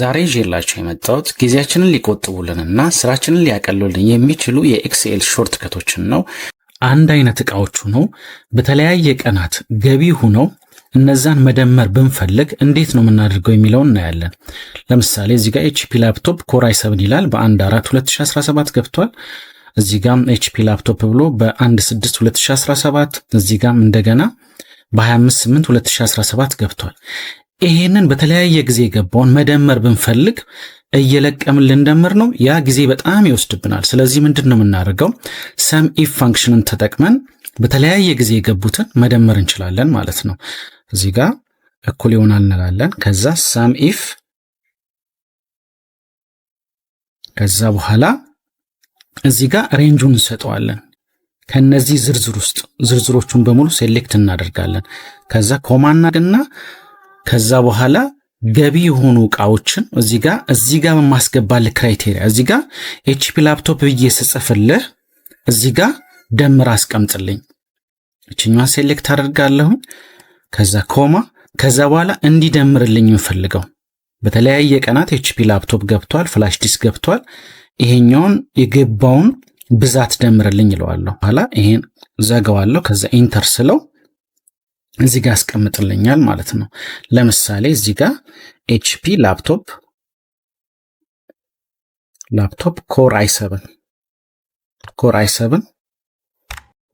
ዛሬ ይዤላችሁ የመጣሁት ጊዜያችንን ሊቆጥቡልንና ስራችንን ሊያቀሉልን የሚችሉ የኤክስኤል ሾርት ከቶችን ነው። አንድ አይነት እቃዎች ሆኖ በተለያየ ቀናት ገቢ ሆኖ እነዛን መደመር ብንፈልግ እንዴት ነው የምናደርገው የሚለውን እናያለን። ለምሳሌ እዚህ ጋር ኤችፒ ላፕቶፕ ኮራይ ሰብን ይላል በአንድ አራት 2017 ገብቷል። እዚህ ጋም ኤችፒ ላፕቶፕ ብሎ በ1 6 2017 እዚህ ጋም እንደገና በ25/8/2017 ገብቷል። ይሄንን በተለያየ ጊዜ የገባውን መደመር ብንፈልግ እየለቀምን ልንደምር ነው። ያ ጊዜ በጣም ይወስድብናል። ስለዚህ ምንድን ነው የምናደርገው? ሰም ኢፍ ፋንክሽንን ተጠቅመን በተለያየ ጊዜ የገቡትን መደመር እንችላለን ማለት ነው። እዚህ ጋር እኩል ይሆናል እንላለን። ከዛ ሰም ኢፍ ከዛ በኋላ እዚህ ጋር ሬንጁን እንሰጠዋለን። ከነዚህ ዝርዝር ውስጥ ዝርዝሮቹን በሙሉ ሴሌክት እናደርጋለን። ከዛ ኮማ እናድና ከዛ በኋላ ገቢ የሆኑ እቃዎችን እዚህ ጋር እዚህ ጋር የማስገባልህ ክራይቴሪያ እዚህ ጋር ኤችፒ ላፕቶፕ ብዬ ስጽፍልህ እዚህ ጋር ደምር አስቀምጥልኝ። እችኛዋን ሴሌክት አደርጋለሁኝ። ከዛ ኮማ፣ ከዛ በኋላ እንዲደምርልኝ የምፈልገው በተለያየ ቀናት ኤችፒ ላፕቶፕ ገብቷል፣ ፍላሽ ዲስክ ገብቷል። ይሄኛውን የገባውን ብዛት ደምርልኝ ይለዋለሁ። በኋላ ይሄን ዘገዋለሁ። ከዛ ኢንተር ስለው እዚህ ጋር አስቀምጥልኛል ማለት ነው። ለምሳሌ እዚህ ጋር ኤችፒ ላፕቶፕ ላፕቶፕ ኮር አይሰብን ኮር አይሰብን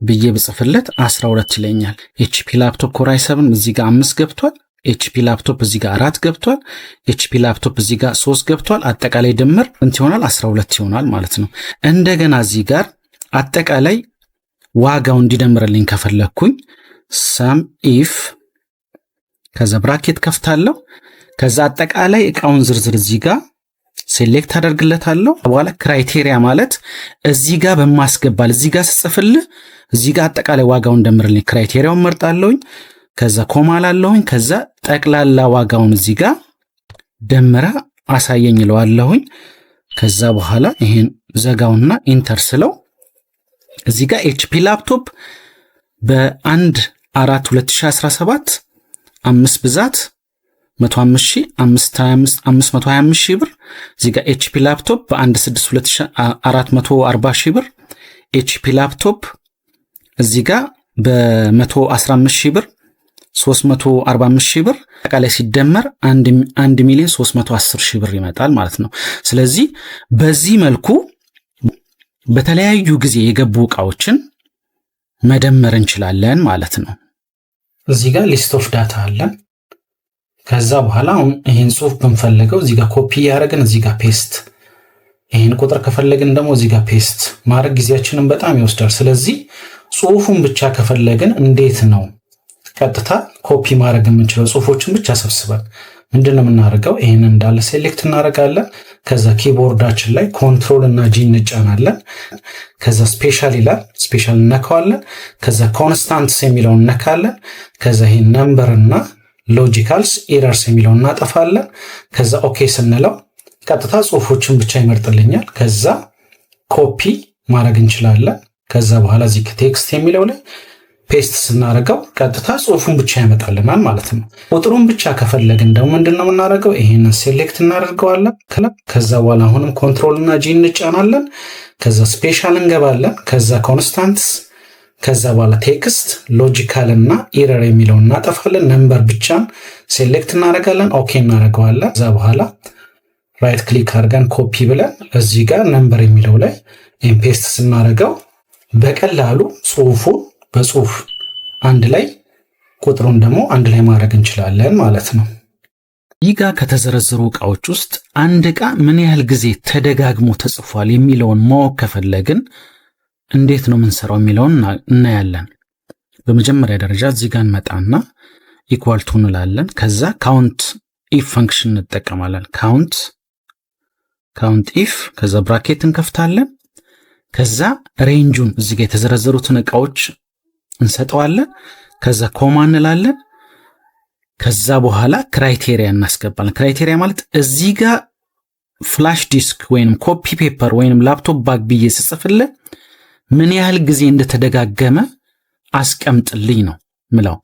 ብዬ ብጽፍለት 12 ይለኛል። ኤችፒ ላፕቶፕ ኮር አይሰብን እዚህ ጋር አምስት ገብቷል። ኤችፒ ላፕቶፕ እዚህ ጋር አራት ገብቷል። ኤችፒ ላፕቶፕ እዚህ ጋር ሶስት ገብቷል። አጠቃላይ ድምር እንት ይሆናል 12 ይሆናል ማለት ነው። እንደገና እዚህ ጋር አጠቃላይ ዋጋው እንዲደምርልኝ ከፈለግኩኝ ሰም ኢፍ ከዛ ብራኬት ከፍታለሁ። ከዛ አጠቃላይ እቃውን ዝርዝር እዚህ ጋር ሴሌክት አደርግለታለሁ። በኋላ ክራይቴሪያ ማለት እዚህ ጋር በማስገባል እዚህ ጋር ስጽፍልህ እዚህ ጋር አጠቃላይ ዋጋውን እንደምርልኝ ክራይቴሪያውን መርጣለሁኝ። ከዛ ኮማ ላለሁኝ። ከዛ ጠቅላላ ዋጋውን እዚህ ጋር ደምራ አሳየኝ ለዋለሁኝ። ከዛ በኋላ ይሄን ዘጋውና ኢንተር ስለው እዚህ ጋር ኤችፒ ላፕቶፕ በአንድ አራት 2017 አምስት ብዛት 525 ሺህ ብር እዚህ ጋር ኤችፒ ላፕቶፕ በአንድ 6 440 ሺህ ብር ኤችፒ ላፕቶፕ እዚህ ጋር በ115 ሺህ ብር 345 ሺህ ብር አጠቃላይ ሲደመር 1 ሚሊዮን 310 ሺህ ብር ይመጣል ማለት ነው። ስለዚህ በዚህ መልኩ በተለያዩ ጊዜ የገቡ እቃዎችን መደመር እንችላለን ማለት ነው። እዚህ ጋር ሊስት ኦፍ ዳታ አለን። ከዛ በኋላ አሁን ይህን ጽሁፍ ብንፈልገው እዚህ ጋር ኮፒ እያደረግን እዚህ ጋር ፔስት፣ ይህን ቁጥር ከፈለግን ደግሞ እዚህ ጋር ፔስት ማድረግ ጊዜያችንን በጣም ይወስዳል። ስለዚህ ጽሁፉን ብቻ ከፈለግን እንዴት ነው ቀጥታ ኮፒ ማድረግ የምንችለው? ጽሁፎችን ብቻ ሰብስበን ምንድን ነው የምናደርገው? ይህን እንዳለ ሴሌክት እናደርጋለን። ከዛ ኪቦርዳችን ላይ ኮንትሮል እና ጂ እንጫናለን። ከዛ ስፔሻል ይላል፣ ስፔሻል እነካዋለን። ከዛ ኮንስታንትስ የሚለውን እነካለን። ከዛ ይህን ነምበር እና ሎጂካልስ ኤረርስ የሚለውን እናጠፋለን። ከዛ ኦኬ ስንለው ቀጥታ ጽሁፎችን ብቻ ይመርጥልኛል። ከዛ ኮፒ ማድረግ እንችላለን። ከዛ በኋላ እዚህ ቴክስት የሚለው ላይ ፔስት ስናደርገው ቀጥታ ጽሁፉን ብቻ ያመጣልናል ማለት ነው። ቁጥሩን ብቻ ከፈለግን ደግሞ ምንድን ነው የምናደርገው? ይሄንን ሴሌክት እናደርገዋለን። ከዛ በኋላ አሁንም ኮንትሮል እና ጂ እንጫናለን። ከዛ ስፔሻል እንገባለን። ከዛ ኮንስታንትስ ከዛ በኋላ ቴክስት ሎጂካል እና ኢረር የሚለውን እናጠፋለን። ነንበር ብቻን ሴሌክት እናደርጋለን። ኦኬ እናደርገዋለን። ከዛ በኋላ ራይት ክሊክ አድርገን ኮፒ ብለን እዚህ ጋር ነምበር የሚለው ላይ ኢምፔስት ስናደርገው በቀላሉ ጽሁፉን። በጽሁፍ አንድ ላይ ቁጥሩን ደግሞ አንድ ላይ ማድረግ እንችላለን ማለት ነው። ይህ ጋር ከተዘረዘሩ እቃዎች ውስጥ አንድ ዕቃ ምን ያህል ጊዜ ተደጋግሞ ተጽፏል የሚለውን ማወቅ ከፈለግን እንዴት ነው የምንሰራው የሚለውን እናያለን። በመጀመሪያ ደረጃ እዚህ ጋር እንመጣና ቱ እንላለን። ከዛ ካውንት ኢፍ ፈንክሽን እንጠቀማለን። ካውንት ካውንት ኢፍ ከዛ ብራኬት እንከፍታለን። ከዛ ሬንጁን እዚህ ጋር የተዘረዘሩትን እቃዎች። እንሰጠዋለን። ከዛ ኮማ እንላለን። ከዛ በኋላ ክራይቴሪያ እናስገባለን። ክራይቴሪያ ማለት እዚህ ጋር ፍላሽ ዲስክ ወይም ኮፒ ፔፐር ወይም ላፕቶፕ ባግ ብዬ ስጽፍልህ ምን ያህል ጊዜ እንደተደጋገመ አስቀምጥልኝ ነው ምለው።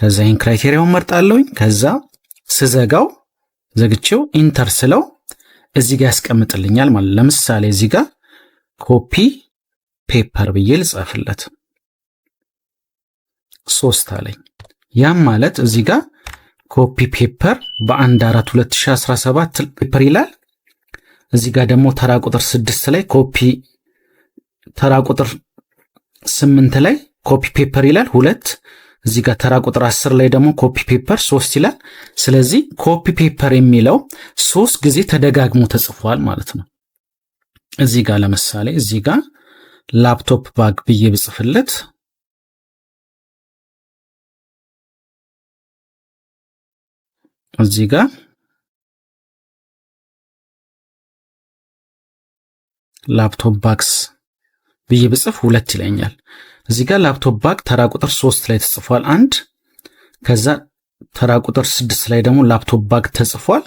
ከዛ ይህን ክራይቴሪያውን መርጣለውኝ። ከዛ ስዘጋው ዘግቼው ኢንተር ስለው እዚህ ጋር ያስቀምጥልኛል ማለት። ለምሳሌ እዚህ ጋር ኮፒ ፔፐር ብዬ ልጽፍለት። ሶስት አለኝ። ያም ማለት እዚህ ጋር ኮፒ ፔፐር በአንድ አራት 2017 ፔፐር ይላል። እዚህ ጋ ደግሞ ተራ ቁጥር 6 ላይ ኮፒ ተራ ቁጥር ስምንት ላይ ኮፒ ፔፐር ይላል ሁለት እዚህ ጋር ተራ ቁጥር 10 ላይ ደግሞ ኮፒ ፔፐር 3 ይላል። ስለዚህ ኮፒ ፔፐር የሚለው ሶስት ጊዜ ተደጋግሞ ተጽፏል ማለት ነው። እዚህ ጋር ለምሳሌ እዚህ ጋር ላፕቶፕ ባግ ብዬ ብጽፍለት እዚህ ጋር ላፕቶፕ ባክስ ብዬ ብጽፍ ሁለት ይለኛል። እዚህ ጋር ላፕቶፕ ባክ ተራ ቁጥር ሶስት ላይ ተጽፏል አንድ። ከዛ ተራ ቁጥር ስድስት ላይ ደግሞ ላፕቶፕ ባክ ተጽፏል።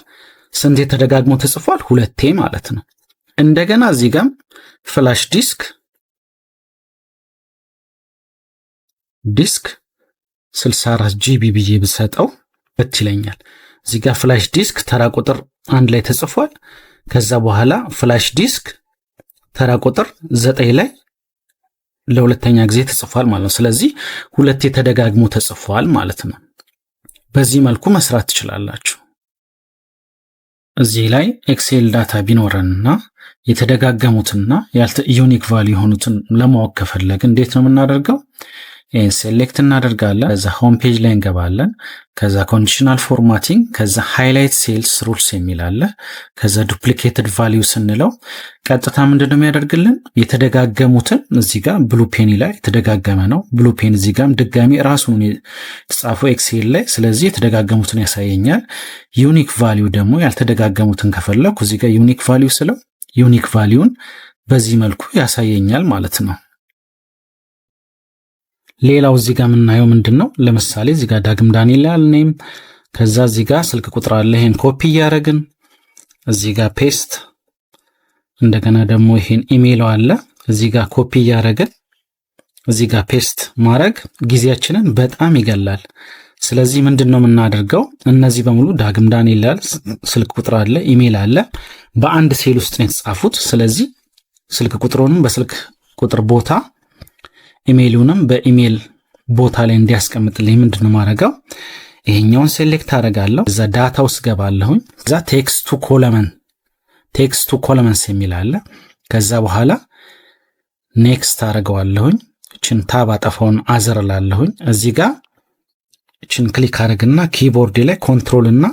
ስንቴ ተደጋግሞ ተጽፏል? ሁለቴ ማለት ነው። እንደገና እዚህ ጋም ፍላሽ ዲስክ ዲስክ 64 ጂቢ ብዬ ብሰጠው በት ይለኛል። እዚህ ጋር ፍላሽ ዲስክ ተራ ቁጥር አንድ ላይ ተጽፏል። ከዛ በኋላ ፍላሽ ዲስክ ተራ ቁጥር ዘጠኝ ላይ ለሁለተኛ ጊዜ ተጽፏል ማለት ነው። ስለዚህ ሁለቴ ተደጋግሞ ተጽፏል ማለት ነው። በዚህ መልኩ መስራት ትችላላችሁ። እዚህ ላይ ኤክሴል ዳታ ቢኖረንና የተደጋገሙትና ዩኒክ ቫልዩ የሆኑትን ለማወቅ ከፈለግ እንዴት ነው የምናደርገው? ይህን ሴሌክት እናደርጋለን። ከዛ ሆም ፔጅ ላይ እንገባለን። ከዛ ኮንዲሽናል ፎርማቲንግ፣ ከዛ ሃይላይት ሴልስ ሩልስ የሚል አለ። ከዛ ዱፕሊኬትድ ቫሊዩ ስንለው ቀጥታ ምንድን ነው የሚያደርግልን የተደጋገሙትን እዚህ ጋር ብሉ ፔኒ ላይ የተደጋገመ ነው ብሉ ፔን እዚህ ጋርም ድጋሚ ራሱን የተጻፈው ኤክሴል ላይ ስለዚህ የተደጋገሙትን ያሳየኛል። ዩኒክ ቫሊዩ ደግሞ ያልተደጋገሙትን ከፈለኩ እዚህ ጋር ዩኒክ ቫሊዩ ስለው ዩኒክ ቫሊዩን በዚህ መልኩ ያሳየኛል ማለት ነው። ሌላው እዚህ ጋር የምናየው ምንድን ነው? ለምሳሌ እዚህ ጋር ዳግም ዳንኤል ያል ኔም፣ ከዛ እዚህ ጋር ስልክ ቁጥር አለ። ይሄን ኮፒ እያደረግን እዚህ ጋር ፔስት፣ እንደገና ደግሞ ይሄን ኢሜይል አለ እዚህ ጋር ኮፒ እያደረግን እዚህ ጋር ፔስት ማድረግ ጊዜያችንን በጣም ይገላል። ስለዚህ ምንድን ነው የምናደርገው? እነዚህ በሙሉ ዳግም ዳንኤል ያል፣ ስልክ ቁጥር አለ፣ ኢሜይል አለ፣ በአንድ ሴል ውስጥ ነው የተጻፉት። ስለዚህ ስልክ ቁጥሩንም በስልክ ቁጥር ቦታ ኢሜይሉንም በኢሜይል ቦታ ላይ እንዲያስቀምጥልኝ ምንድን ነው ማድረገው? ይሄኛውን ሴሌክት አደርጋለሁ። እዛ ዳታ ውስጥ ገባለሁኝ። እዛ ቴክስቱ ኮለመን ቴክስቱ ኮለመንስ የሚል አለ። ከዛ በኋላ ኔክስት አደርገዋለሁኝ። እችን ታብ አጠፋውን አዘር ላለሁኝ። እዚህ ጋር እችን ክሊክ አደርግና ኪቦርድ ላይ ኮንትሮል እና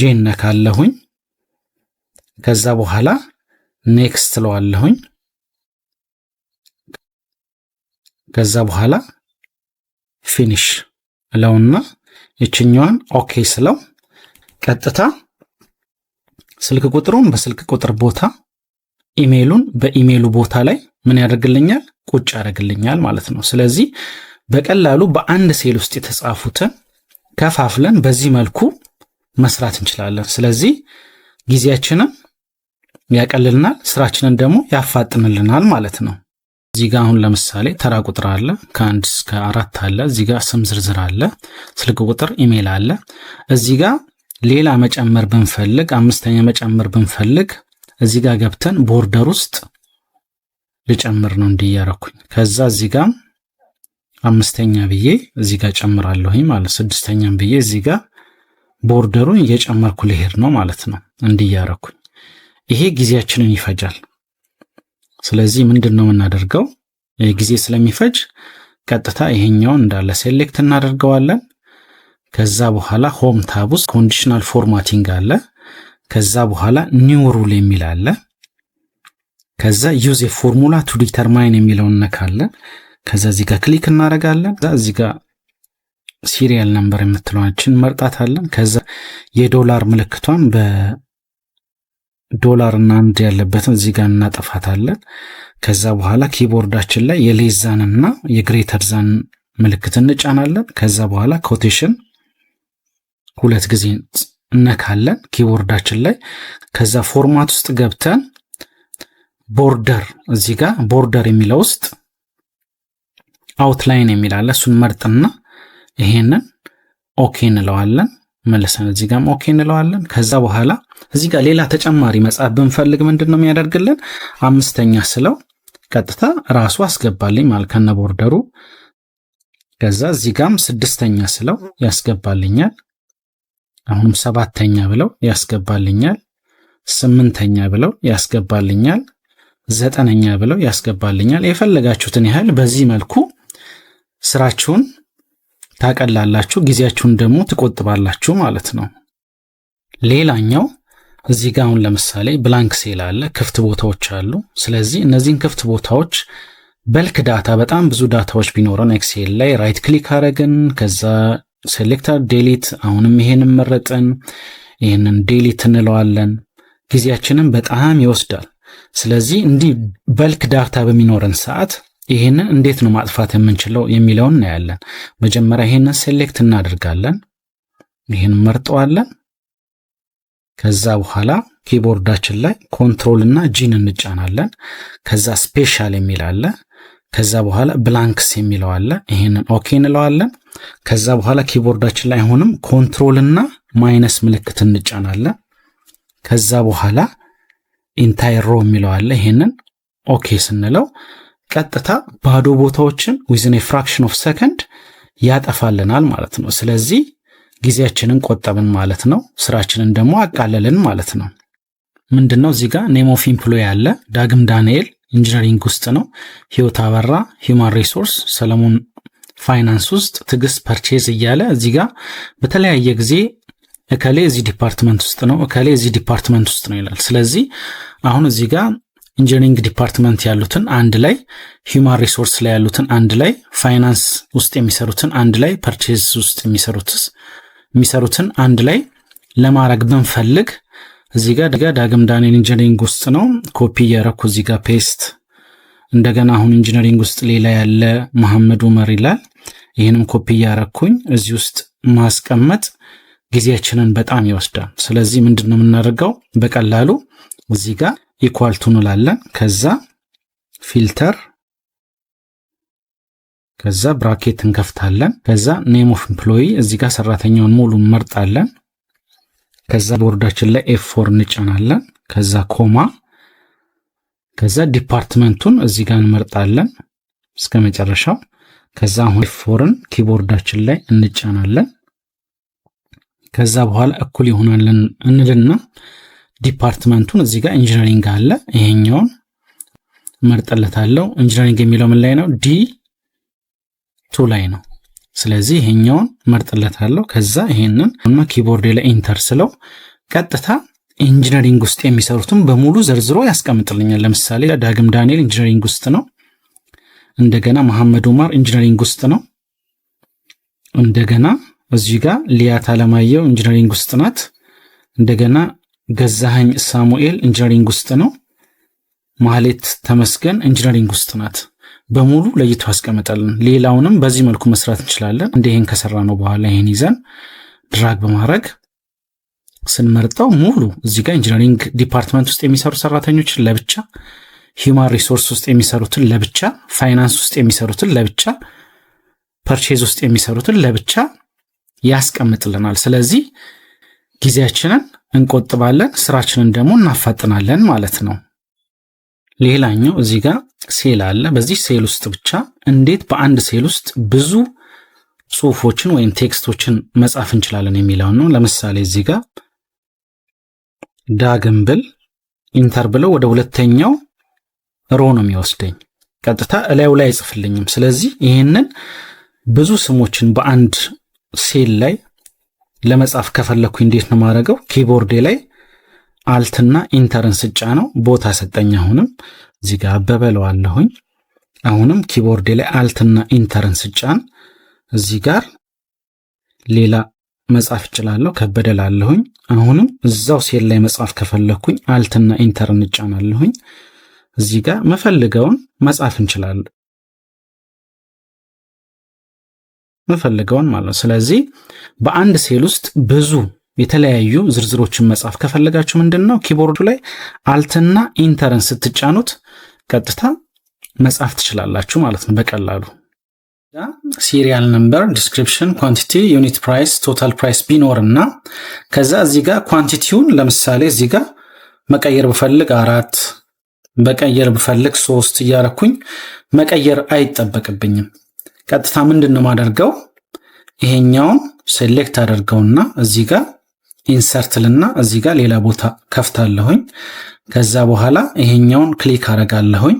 ጄን ነካለሁኝ። ከዛ በኋላ ኔክስት ለዋለሁኝ። ከዛ በኋላ ፊኒሽ እለውና ይችኛዋን ኦኬ ስለው ቀጥታ ስልክ ቁጥሩን በስልክ ቁጥር ቦታ ኢሜሉን በኢሜሉ ቦታ ላይ ምን ያደርግልኛል? ቁጭ ያደርግልኛል ማለት ነው። ስለዚህ በቀላሉ በአንድ ሴል ውስጥ የተጻፉትን ከፋፍለን በዚህ መልኩ መስራት እንችላለን። ስለዚህ ጊዜያችንን ያቀልልናል፣ ስራችንን ደግሞ ያፋጥንልናል ማለት ነው። እዚህ ጋር አሁን ለምሳሌ ተራ ቁጥር አለ ከአንድ እስከ አራት አለ። እዚህ ጋር ስም ዝርዝር አለ፣ ስልክ ቁጥር፣ ኢሜይል አለ። እዚህ ጋር ሌላ መጨመር ብንፈልግ አምስተኛ መጨመር ብንፈልግ እዚህ ጋር ገብተን ቦርደር ውስጥ ልጨምር ነው እንዲያረኩኝ። ከዛ እዚህ ጋር አምስተኛ ብዬ እዚህ ጋር ጨምራለሁኝ ማለት ስድስተኛም ብዬ እዚህ ጋር ቦርደሩን እየጨመርኩ ልሄድ ነው ማለት ነው እንዲያረኩኝ። ይሄ ጊዜያችንን ይፈጃል። ስለዚህ ምንድን ነው የምናደርገው? ጊዜ ስለሚፈጅ ቀጥታ ይሄኛውን እንዳለ ሴሌክት እናደርገዋለን። ከዛ በኋላ ሆም ታብ ውስጥ ኮንዲሽናል ፎርማቲንግ አለ። ከዛ በኋላ ኒው ሩል የሚል አለ። ከዛ ዩዝ ፎርሙላ ቱ ዲተርማይን የሚለውን ነካለን። ከዛ እዚህ ጋር ክሊክ እናደርጋለን። ከዛ እዚህ ጋር ሲሪያል ነምበር የምትለዋችን መርጣታለን። ከዛ የዶላር ምልክቷን በ ዶላር እና አንድ ያለበትን እዚህ ጋር እናጠፋታለን። ከዛ በኋላ ኪቦርዳችን ላይ የሌዛን እና የግሬተር ዛን ምልክት እንጫናለን። ከዛ በኋላ ኮቴሽን ሁለት ጊዜ እነካለን ኪቦርዳችን ላይ። ከዛ ፎርማት ውስጥ ገብተን ቦርደር እዚህ ጋር ቦርደር የሚለው ውስጥ አውትላይን የሚላለ እሱን መርጥና ይሄንን ኦኬ እንለዋለን። መልሰን እዚህ ጋም ኦኬ እንለዋለን። ከዛ በኋላ እዚህ ጋር ሌላ ተጨማሪ መጽሐፍ ብንፈልግ ምንድን ነው የሚያደርግልን? አምስተኛ ስለው ቀጥታ ራሱ አስገባልኝ ማለት ከነ ቦርደሩ። ከዛ እዚህ ጋም ስድስተኛ ስለው ያስገባልኛል። አሁንም ሰባተኛ ብለው ያስገባልኛል። ስምንተኛ ብለው ያስገባልኛል። ዘጠነኛ ብለው ያስገባልኛል። የፈለጋችሁትን ያህል በዚህ መልኩ ስራችሁን ታቀላላችሁ፣ ጊዜያችሁን ደግሞ ትቆጥባላችሁ ማለት ነው። ሌላኛው እዚህ ጋር አሁን ለምሳሌ ብላንክ ሴል አለ፣ ክፍት ቦታዎች አሉ። ስለዚህ እነዚህን ክፍት ቦታዎች በልክ ዳታ፣ በጣም ብዙ ዳታዎች ቢኖረን ኤክሴል ላይ ራይት ክሊክ አረግን፣ ከዛ ሴሌክተር ዴሊት፣ አሁንም ይሄንን መረጥን፣ ይህንን ዴሊት እንለዋለን። ጊዜያችንን በጣም ይወስዳል። ስለዚህ እንዲህ በልክ ዳታ በሚኖረን ሰዓት ይህንን እንዴት ነው ማጥፋት የምንችለው የሚለውን እናያለን። መጀመሪያ ይህንን ሴሌክት እናደርጋለን። ይህን መርጠዋለን። ከዛ በኋላ ኪቦርዳችን ላይ ኮንትሮል እና ጂን እንጫናለን። ከዛ ስፔሻል የሚል አለ። ከዛ በኋላ ብላንክስ የሚለው አለ። ይህንን ኦኬ እንለዋለን። ከዛ በኋላ ኪቦርዳችን ላይ አሁንም ኮንትሮል እና ማይነስ ምልክት እንጫናለን። ከዛ በኋላ ኢንታይሮ ሮ የሚለው አለ። ይህንን ኦኬ ስንለው ቀጥታ ባዶ ቦታዎችን ዊዝን ፍራክሽን ኦፍ ሰከንድ ያጠፋልናል ማለት ነው። ስለዚህ ጊዜያችንን ቆጠብን ማለት ነው። ስራችንን ደግሞ አቃለልን ማለት ነው። ምንድን ነው እዚህ ጋር ኔም ኦፍ ኢምፕሎይ ያለ ዳግም ዳንኤል ኢንጂነሪንግ ውስጥ ነው። ህይወት አበራ ሂውማን ሪሶርስ፣ ሰለሞን ፋይናንስ ውስጥ፣ ትዕግስት ፐርቼዝ እያለ እዚህ ጋር በተለያየ ጊዜ እከሌ እዚህ ዲፓርትመንት ውስጥ ነው፣ እከሌ እዚህ ዲፓርትመንት ውስጥ ነው ይላል። ስለዚህ አሁን እዚህ ጋር ኢንጂኒሪንግ ዲፓርትመንት ያሉትን አንድ ላይ፣ ሂውማን ሪሶርስ ላይ ያሉትን አንድ ላይ፣ ፋይናንስ ውስጥ የሚሰሩትን አንድ ላይ፣ ፐርቼዝ ውስጥ የሚሰሩትስ የሚሰሩትን አንድ ላይ ለማድረግ ብንፈልግ እዚህ ጋር ዳግም ዳንኤል ኢንጂኒሪንግ ውስጥ ነው ኮፒ እያረኩ እዚህ ጋር ፔስት እንደገና አሁን ኢንጂነሪንግ ውስጥ ሌላ ያለ መሐመድ ኡመር ይላል። ይህንም ኮፒ እያረኩኝ እዚህ ውስጥ ማስቀመጥ ጊዜያችንን በጣም ይወስዳል። ስለዚህ ምንድን ነው የምናደርገው በቀላሉ እዚህ ጋር ኢኳል ቱ እንላለን። ከዛ ፊልተር ከዛ ብራኬት እንከፍታለን። ከዛ ኔም ኦፍ ኢምፕሎይ እዚህ ጋር ሰራተኛውን ሙሉ እንመርጣለን። ከዛ ቦርዳችን ላይ ኤፍ ፎር እንጫናለን። ከዛ ኮማ ከዛ ዲፓርትመንቱን እዚህ ጋር እንመርጣለን እስከ መጨረሻው። ከዛ አሁን ኤፍ ፎርን ኪቦርዳችን ላይ እንጫናለን። ከዛ በኋላ እኩል ይሆናለን እንልና ዲፓርትመንቱን እዚህ ጋር ኢንጂነሪንግ አለ። ይሄኛውን መርጠለታለሁ። ኢንጂነሪንግ የሚለው ምን ላይ ነው? ዲ ቱ ላይ ነው። ስለዚህ ይሄኛውን መርጥለታለሁ። ከዛ ይሄንን እና ኪቦርድ ላይ ኢንተር ስለው ቀጥታ ኢንጂነሪንግ ውስጥ የሚሰሩትን በሙሉ ዘርዝሮ ያስቀምጥልኛል። ለምሳሌ ዳግም ዳንኤል ኢንጂነሪንግ ውስጥ ነው። እንደገና መሐመድ ኡማር ኢንጂነሪንግ ውስጥ ነው። እንደገና እዚህ ጋር ሊያት አለማየሁ ኢንጂነሪንግ ውስጥ ናት። እንደገና ገዛኸኝ ሳሙኤል ኢንጂነሪንግ ውስጥ ነው። ማህሌት ተመስገን ኢንጂነሪንግ ውስጥ ናት። በሙሉ ለይቶ አስቀምጠልን። ሌላውንም በዚህ መልኩ መስራት እንችላለን። እንደ ይህን ከሰራ ነው በኋላ ይህን ይዘን ድራግ በማድረግ ስንመርጠው ሙሉ እዚህ ጋር ኢንጂነሪንግ ዲፓርትመንት ውስጥ የሚሰሩ ሰራተኞችን ለብቻ፣ ሂውማን ሪሶርስ ውስጥ የሚሰሩትን ለብቻ፣ ፋይናንስ ውስጥ የሚሰሩትን ለብቻ፣ ፐርቼዝ ውስጥ የሚሰሩትን ለብቻ ያስቀምጥልናል። ስለዚህ ጊዜያችንን እንቆጥባለን፣ ስራችንን ደግሞ እናፋጥናለን ማለት ነው። ሌላኛው እዚህ ጋር ሴል አለ። በዚህ ሴል ውስጥ ብቻ እንዴት በአንድ ሴል ውስጥ ብዙ ጽሁፎችን ወይም ቴክስቶችን መጻፍ እንችላለን የሚለውን ነው። ለምሳሌ እዚህ ጋር ዳግም ብል ኢንተር ብለው ወደ ሁለተኛው ሮ ነው የሚወስደኝ፣ ቀጥታ እላዩ ላይ አይጽፍልኝም። ስለዚህ ይህንን ብዙ ስሞችን በአንድ ሴል ላይ ለመጻፍ ከፈለግኩኝ እንዴት ነው ማድረገው? ኪቦርዴ ላይ አልትና ኢንተርን ስጫ ነው ቦታ ሰጠኝ። አሁንም እዚህ ጋር በበለዋለሁኝ። አሁንም ኪቦርዴ ላይ አልትና ኢንተርን ስጫን እዚህ ጋር ሌላ መጻፍ እችላለሁ። ከበደላለሁኝ። አሁንም እዛው ሴል ላይ መጻፍ ከፈለግኩኝ አልትና ኢንተርን እጫናለሁኝ። እዚህ ጋር መፈልገውን መጻፍ እንችላለን። የምፈልገውን ማለት ነው። ስለዚህ በአንድ ሴል ውስጥ ብዙ የተለያዩ ዝርዝሮችን መጻፍ ከፈለጋችሁ ምንድን ነው ኪቦርዱ ላይ አልትና ኢንተርን ስትጫኑት ቀጥታ መጻፍ ትችላላችሁ ማለት ነው በቀላሉ። ሲሪያል ነምበር፣ ዲስክሪፕሽን፣ ኳንቲቲ፣ ዩኒት ፕራይስ፣ ቶታል ፕራይስ ቢኖር እና ከዛ እዚህ ጋር ኳንቲቲውን ለምሳሌ እዚህ ጋር መቀየር ብፈልግ አራት መቀየር ብፈልግ ሶስት እያረኩኝ መቀየር አይጠበቅብኝም። ቀጥታ ምንድን ነው ማደርገው ይሄኛውን ሴሌክት አደርገውና እዚህ ጋር ልና እዚህ ጋር ሌላ ቦታ ከፍታለሁኝ። ከዛ በኋላ ይሄኛውን ክሊክ አደርጋለሁኝ።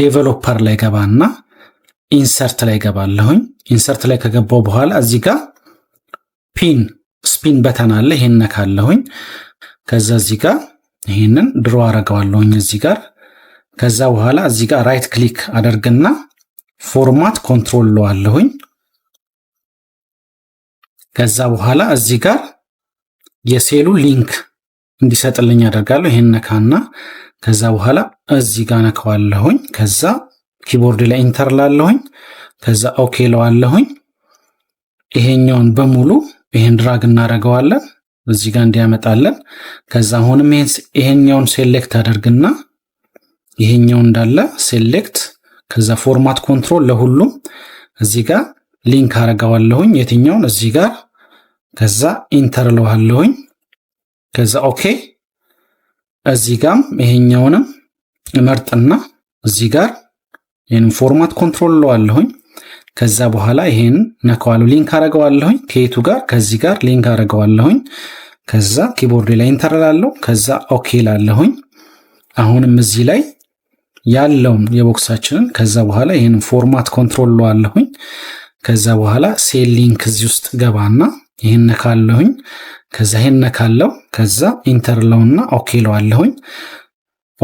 ዴቨሎፐር ላይ ገባና ኢንሰርት ላይ ገባለሁኝ። ኢንሰርት ላይ ከገባው በኋላ እዚህ ጋር ፒን ስፒን በተን አለ። ይሄን ነካለሁኝ። ከዛ እዚህ ጋር ይሄንን ድሮ አደርገዋለሁኝ እዚህ ጋር ከዛ በኋላ እዚህ ጋር ራይት ክሊክ አደርግና ፎርማት ኮንትሮል ለዋለሁኝ። ከዛ በኋላ እዚህ ጋር የሴሉ ሊንክ እንዲሰጥልኝ አደርጋለሁ። ይሄን ነካና ከዛ በኋላ እዚህ ጋር ነካዋለሁኝ። ከዛ ኪቦርድ ላይ ኢንተር ላለሁኝ። ከዛ ኦኬ ለዋለሁኝ። ይሄኛውን በሙሉ ይሄን ድራግ እናደርገዋለን እዚህ ጋር እንዲያመጣለን። ከዛ አሁንም ይሄኛውን ሴሌክት አደርግና ይሄኛው እንዳለ ሴሌክት ከዛ ፎርማት ኮንትሮል ለሁሉም እዚህ ጋር ሊንክ አረጋዋለሁኝ። የትኛውን እዚህ ጋር ከዛ ኢንተር ለዋለሁኝ። ከዛ ኦኬ እዚህ ጋም ይሄኛውንም እመርጥና እዚህ ጋር ይህን ፎርማት ኮንትሮል ለዋለሁኝ። ከዛ በኋላ ይሄን ነከዋለሁ፣ ሊንክ አረገዋለሁኝ። ከየቱ ጋር ከዚህ ጋር ሊንክ አረገዋለሁኝ። ከዛ ኪቦርድ ላይ ኢንተር ላለሁ፣ ከዛ ኦኬ ላለሁኝ። አሁንም እዚህ ላይ ያለውን የቦክሳችንን ከዛ በኋላ ይህን ፎርማት ኮንትሮል ለዋለሁኝ። ከዛ በኋላ ሴል ሊንክ እዚህ ውስጥ ገባና ይህን ነካለሁኝ። ከዛ ይህን ነካለው። ከዛ ኢንተር ለውና ኦኬ ለዋለሁኝ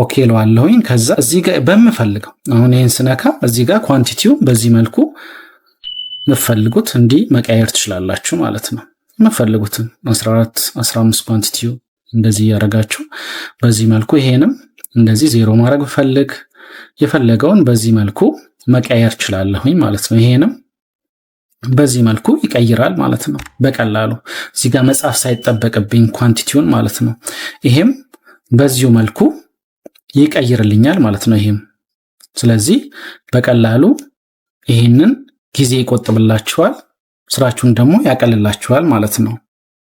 ኦኬ ለዋለሁኝ። ከዛ እዚህ ጋር በምፈልገው አሁን ይህን ስነካ እዚህ ጋር ኳንቲቲው በዚህ መልኩ የምፈልጉት እንዲህ መቀየር ትችላላችሁ ማለት ነው። የምፈልጉትን 14 15 ኳንቲቲው እንደዚህ እያደረጋችሁ በዚህ መልኩ ይሄንም እንደዚህ ዜሮ ማድረግ ብፈልግ የፈለገውን በዚህ መልኩ መቀየር ችላለሁኝ ማለት ነው። ይሄንም በዚህ መልኩ ይቀይራል ማለት ነው በቀላሉ እዚህ ጋር መጻፍ ሳይጠበቅብኝ ኳንቲቲውን ማለት ነው። ይሄም በዚሁ መልኩ ይቀይርልኛል ማለት ነው። ይሄም ስለዚህ በቀላሉ ይሄንን ጊዜ ይቆጥብላችኋል፣ ስራችሁን ደግሞ ያቀልላችኋል ማለት ነው።